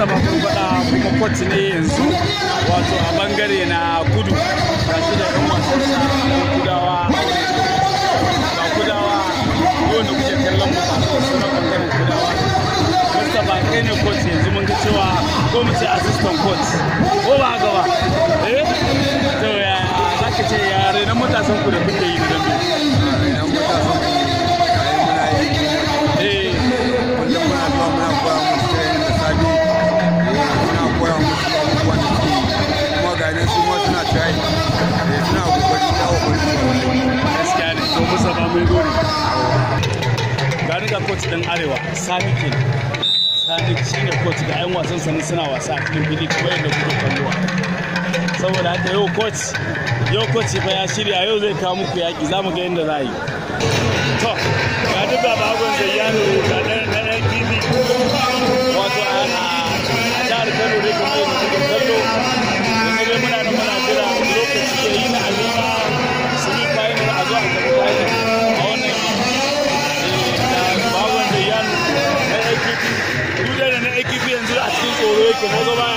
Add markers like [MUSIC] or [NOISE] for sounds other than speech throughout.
sama faɗa kuma kwat ne yanzu wato a bangare na kudu ga shi da ɗan wasan kudawa kudawa kuke kallon ba suna kudawa kai ne yanzu mun ga cewa ko mu ce assistant ko ba haka eh to ya ce yare na matasan ku da kuke yi da dambe coach ɗin arewa sani ke sani shi ne coach da 'yan wasan sanin suna wasa a cikin fili kuma da gudu kalluwa saboda haka yau coach yau coach fa ya shirya yau zai kawo muku yaƙi za mu ga yadda za a yi to ga duk da bagon da ya rubuta na ɗan fili wato a jihar kano ne kuma yadda kuka kallo yanzu dai muna da muna jira lokaci ya yi na alima su yi kayan a zuwa a kayan? komodo ba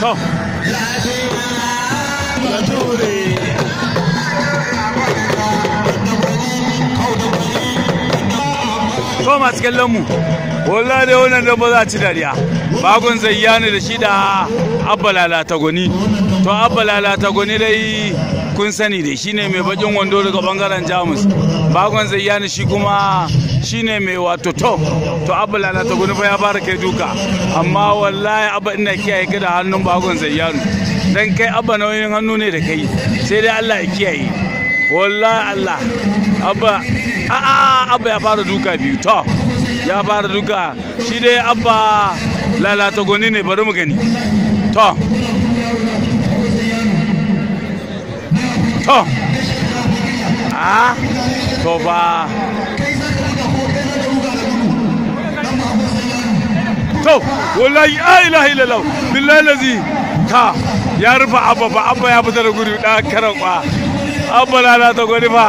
to to masu kallon mu walla da wannan da za ci dariya bagon zayyani da shi da abba lalata gwani to abba lalata gwani dai kun sani dai shine mai bakin wando daga bangaren jamus bakon zayyani shi kuma shine mai wato top to abba lalata gwani fa ya fara kai duka amma wallahi abba ina kiyaye ka hannun bakon zayyanu dan kai abba nauyin hannu ne da kai sai dai Allah ya kiyaye wallahi Allah abba a'a abba ya fara duka biyu to ya fara duka shi dai abba lalata gwani ne bari mu gani to to a to ba to wallahi a ilaha illallah billahi lazi ta ya rufa abba ba abba ya fita da gudu da karan kwa abba lalata gwani fa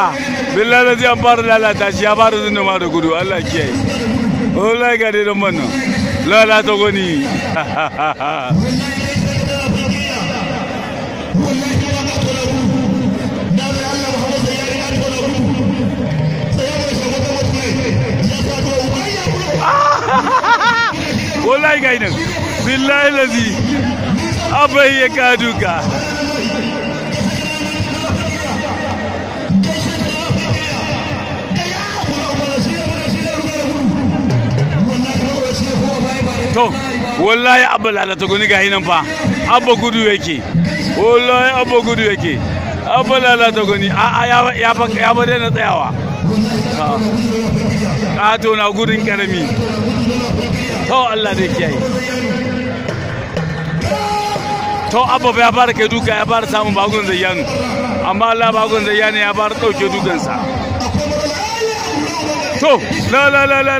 billahi lazi an fara lalata shi ya fara ma da gudu allah kiyaye wallahi ga dai don ha lalata gwani [LAUGHS] [LAUGHS] wallahi ga nan billahi lazi abai ya ka duka to wallahi abba lalata guni ga nan fa abba gudu yake wallahi abba gudu yake abba lalata guni a ya ba ya fa na tsayawa to na gudun karami to Allah zai kiyaye to abubuwa ya fara kai duka ya fara samun bagun zayyanu amma Allah bagun zayyanu ya fara ɗauke dukansa to la la la la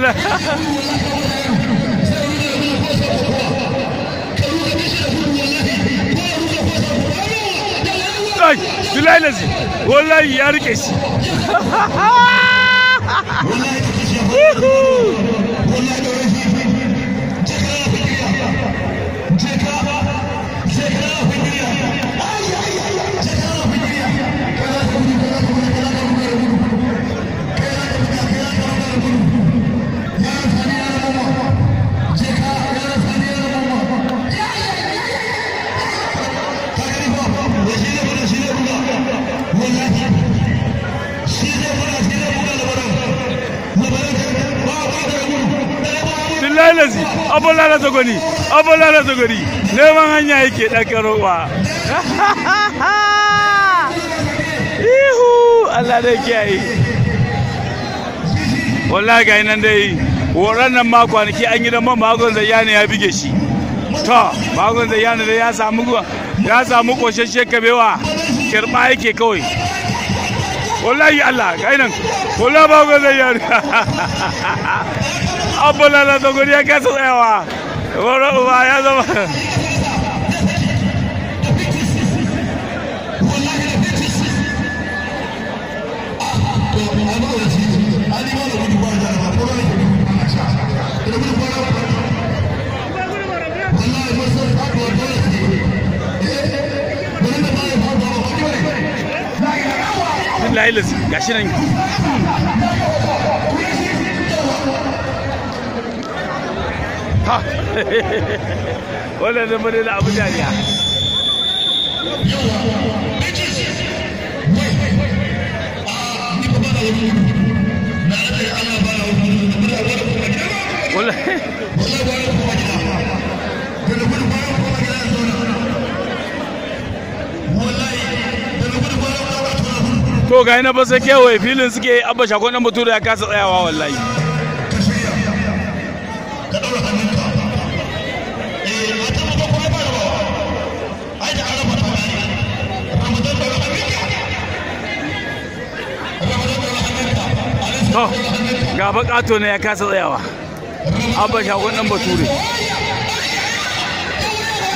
la ya rike shi. [LAUGHS] billahi lazi abola da zagoni abola da zagoni neman hanya yake dan karowa [LAUGHS] ihu Allah da kiyaye wallahi ga nan dai horon nan ma kwanaki an yi da man magon yana ya bige shi to magon zayyana da ya samu ya samu koshashe kabewa kirba yake kawai wallahi Allah ga nan wallahi magon yana [LAUGHS] abula na dogori ya kasa tsayawa wani ya zama Lailis, gashi nan ولا [LAUGHS] wannan نلعب mun da abu ga ina ba sai kewaye filin suke abba shakon dan mutu da ya kasa tsayawa wallahi to ga bakato ne ya kasa tsayawa abba shagon dan bature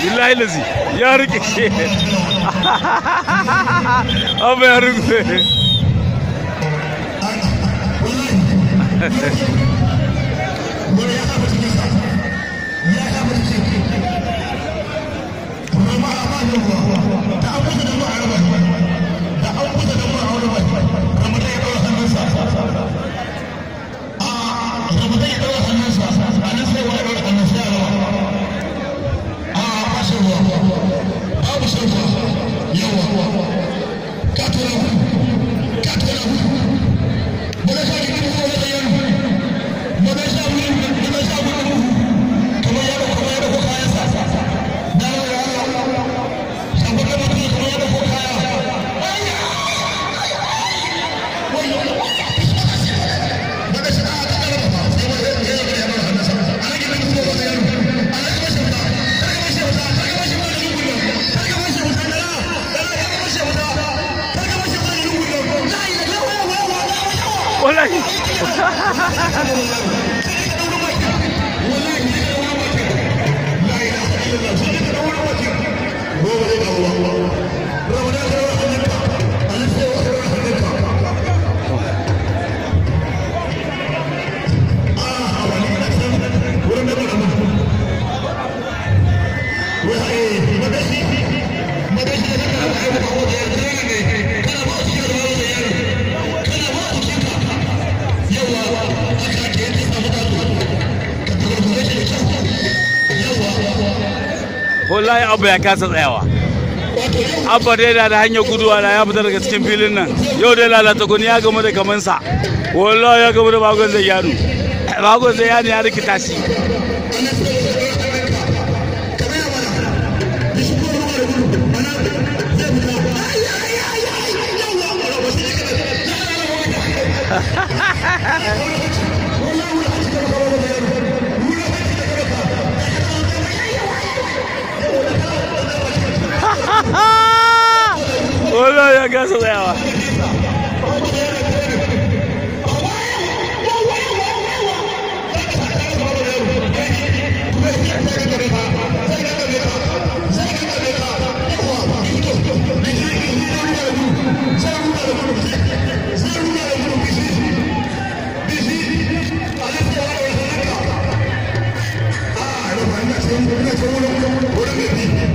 billahi lazi ya rike shi [LAUGHS] abba ya rike [LAUGHS] yi abu ya kasa tsayawa abba dai da da hanyar guduwa da ya fita daga cikin filin nan yau dai lalata guni ya gama da kamansa wallahi ya gama da bagon zai yaro bagon zai yaro ya rikita shi Wallahi ya gasa tsayawa. Thank you.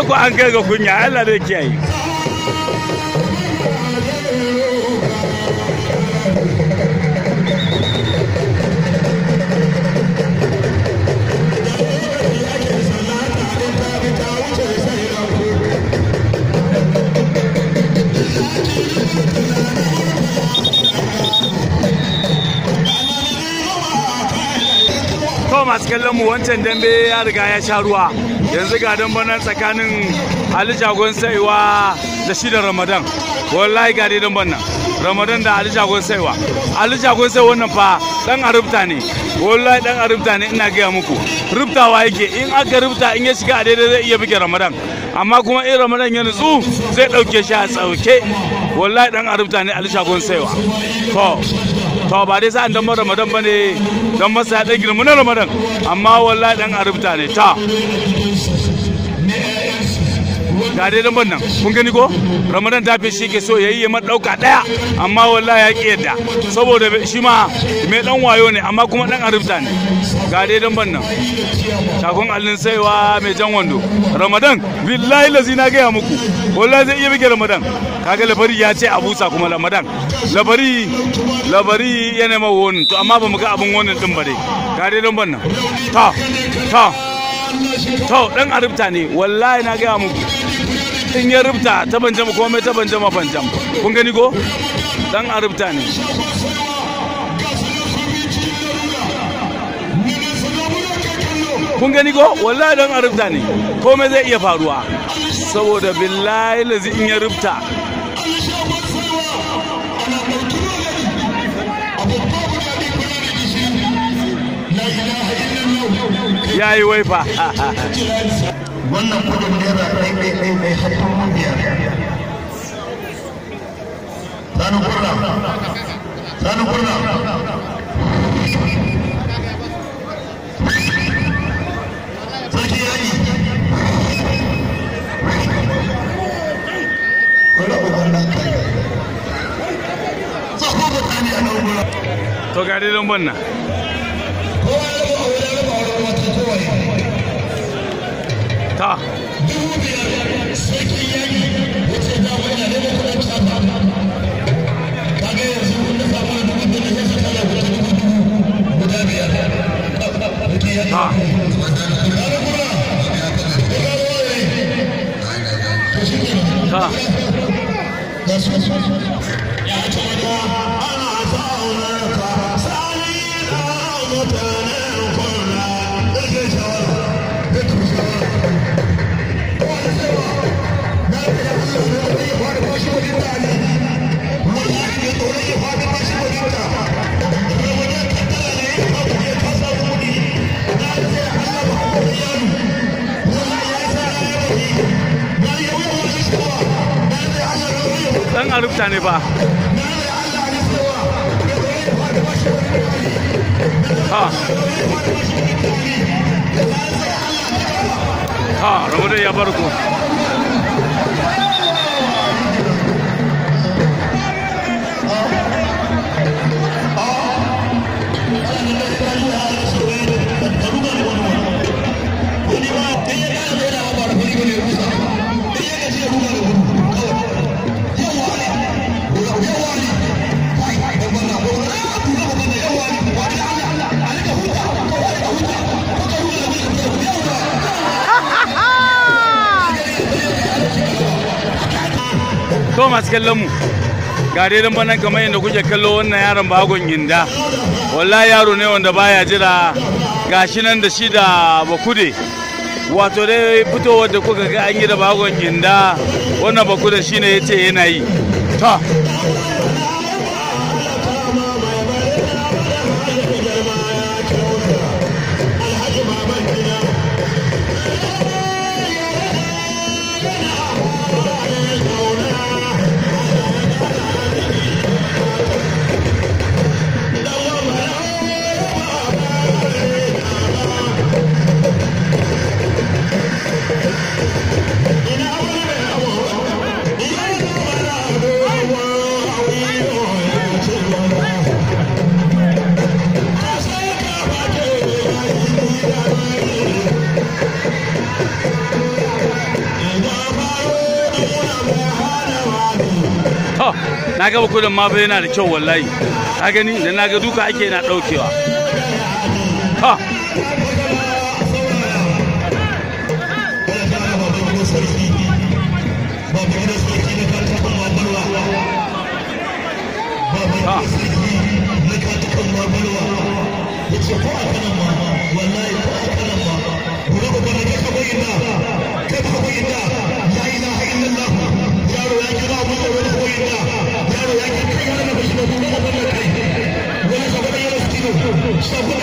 Aku an kai kunya Allah da kiyaye. masu kallon mu wancan dambe ya riga ya sha ruwa yanzu ga dan banan tsakanin Ali Jagon Saiwa da shi da Ramadan wallahi ga dan banan Ramadan da Ali Jagon Saiwa Ali Jagon Saiwa wannan fa dan arubta ne wallahi dan arubta ne ina gaya muku rubtawa yake in aka rubta in ya shiga a daidai zai iya buge Ramadan amma kuma in Ramadan ya nutsu zai dauke shi a tsauke wallahi dan arubta ne Ali Jagon Saiwa to to ba dai sa'an dan ramadan ba ne don masa ya girma na ramadan amma wallahi dan arubta ne ta ga dai lambar nan kun gani ko ramadan tafi shi ke so yayi ya ɗauka ɗaya amma wallahi ya ki yadda saboda shi ma mai dan wayo ne amma kuma dan arifta ne ga dai lambar nan shakun allin saiwa mai jan wando ramadan billahi lazi na gaya muku wallahi zai iya bige ramadan kaga labari ya ce abusa kuma ramadan labari labari ya nema wani to amma ba mu ga abin wannan din ba dai ga dai lambar nan ta ta to dan arifta ne wallahi na gaya muku in ya rubuta ta banjama komai ta banjama banjam kun gani ko dan a rubuta ne kun gani ko wallahi dan a rubuta ne komai zai iya faruwa saboda billahi lazi in ya rubuta ya yi waifa [LAUGHS] wannan kudin naira ɗai ɗai ɗai ɗai har mun biyar sani kurna sani kurna sarki yayi kula uban nan kai tsoho ba tani a nan gura to ga dai don banna That's what I'm mutane ba ha ha ya barku masu kallon mu ga dai dan banan kamar yadda kuke kallo wannan yaron bagon ginda wallahi yaro ne wanda baya jira gashi nan da shi da bakude wato dai fitowar da kuka ga an yi da bagon ginda wannan bakude shine yace yana yi to gaba kudin ma yana da kyau wallahi ka gani da na ga duka ake yana daukewa ha Ha.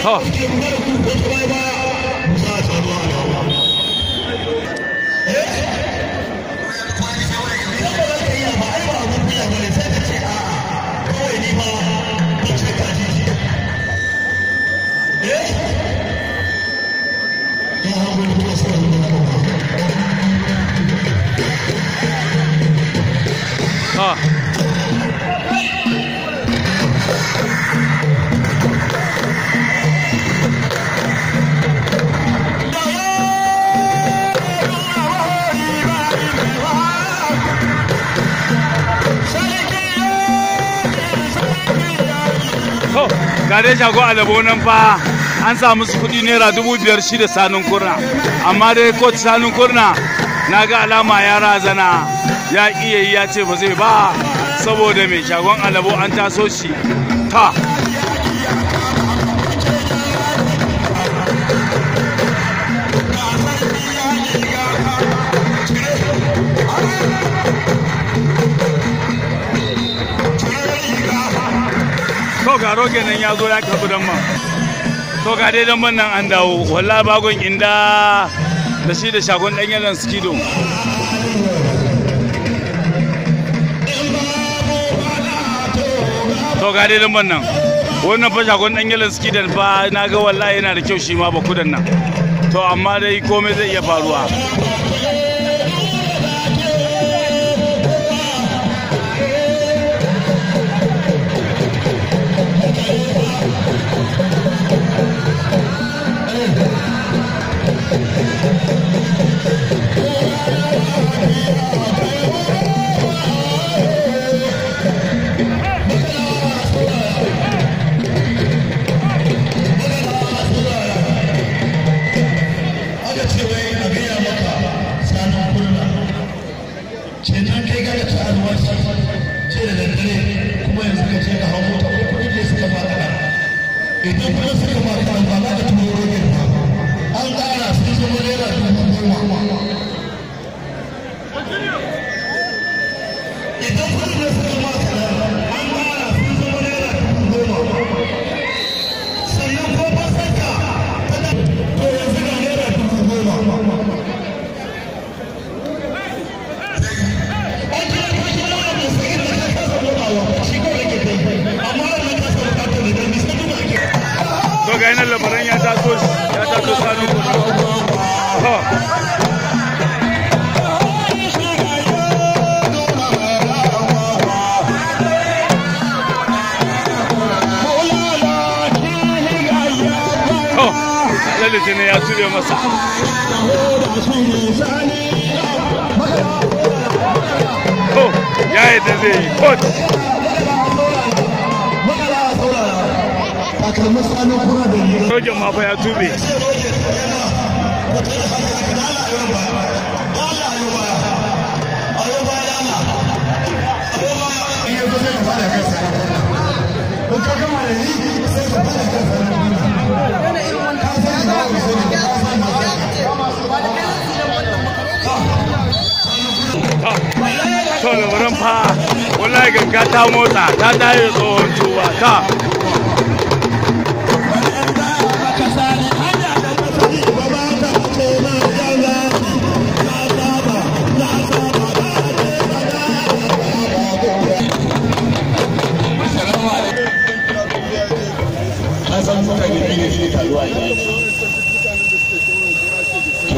Ha. Ó. ga dai shago alabo nan fa an samu su kudi naira dubu biyar shi da sanun kurna amma dai ko sanun kurna na ga alama ya razana ya iya yi ya ce ba zai ba saboda mai shagon alabo an taso shi ta to ga roge nan ya zo ya karbi don ma to ga dai don man nan an dawo walla bagon inda da shi da shagon dan yalan skido to ga dai lamban nan wannan fa shagon dan yalan ski dan fa na ga wallahi yana da kyau shi ma ba kudan nan to amma dai komai zai iya faruwa It is hau mota ko kuma suka da jini ya zube masa oh ya yi da zai yi kot Thank you. to da wurin fa wallahi ganga ta motsa ta dawo tsohon tuba ta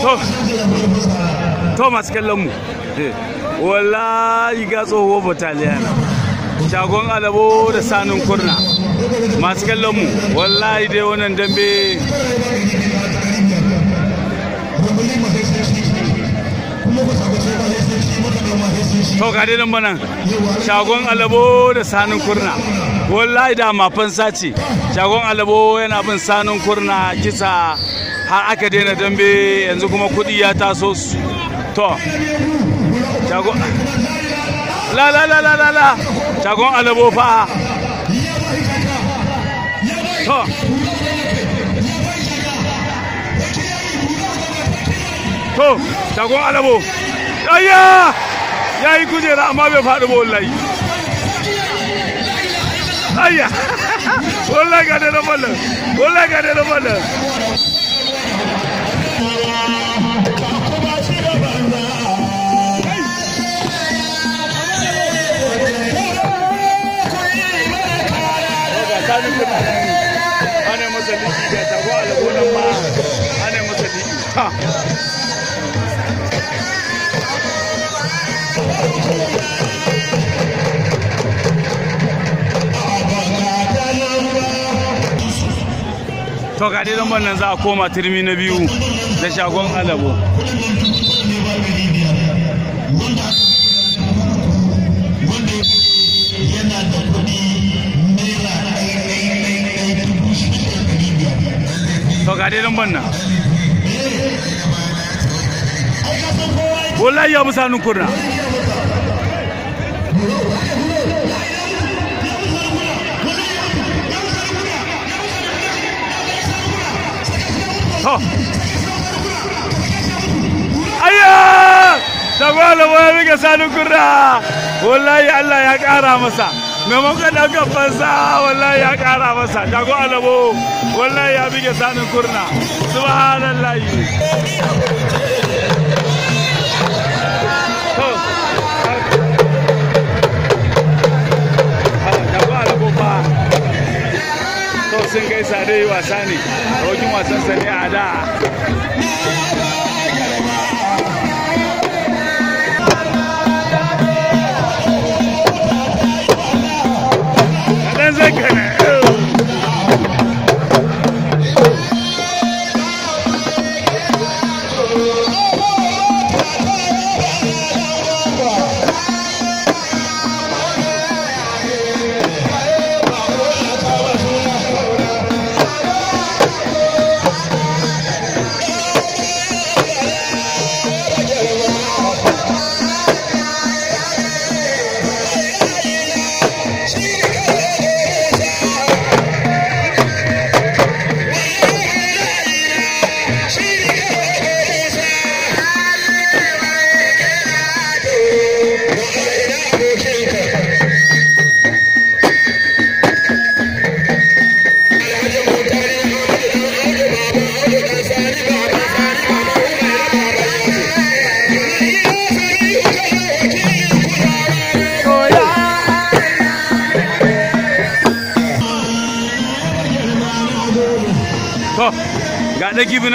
thomas masu kallon mu eh, wallahi ga tsohuwa bataliya shagon alabo da sanin kurna masu kallon wala wallahi dai wannan dambe to ga dai nan shagon alabo da sanin kurna wallahi da mafan sace shagon alabo yana bin sanin kurna kisa har aka daina dambe yanzu kuma kudi ya taso su to shagon la la la la la shagon alabo fa to to shagon alabo ayya ya yi kujera amma bai faɗi ba wallahi ayya wala ga dai mallam wallahi wala ga tago albonan ma to ga dai zamban nan za a koma turmi na biyu da shagon alabo to ga dai lambar nan wallahi ya musa nukurna to ayya da malama ya riga sani kurra wallahi Allah ya kara masa maimakon ɗaukar sa wallahi ya kara masa jago alabo wallahi ya bige sanin kurna subhanallahi Oh, sun kai dai wasa ne abokin wasan sani a da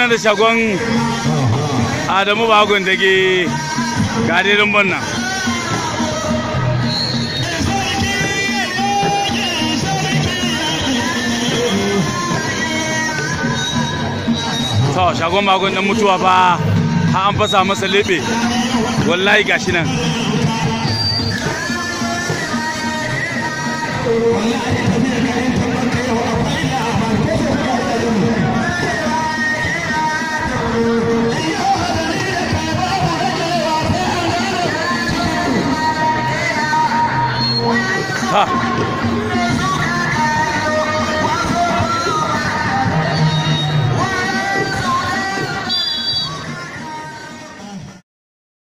nan da shagon adamu bagon da ke gadirin banna to shagon bagon da mutuwa fa ha an fasa masa lebe wallahi gashi nan 你看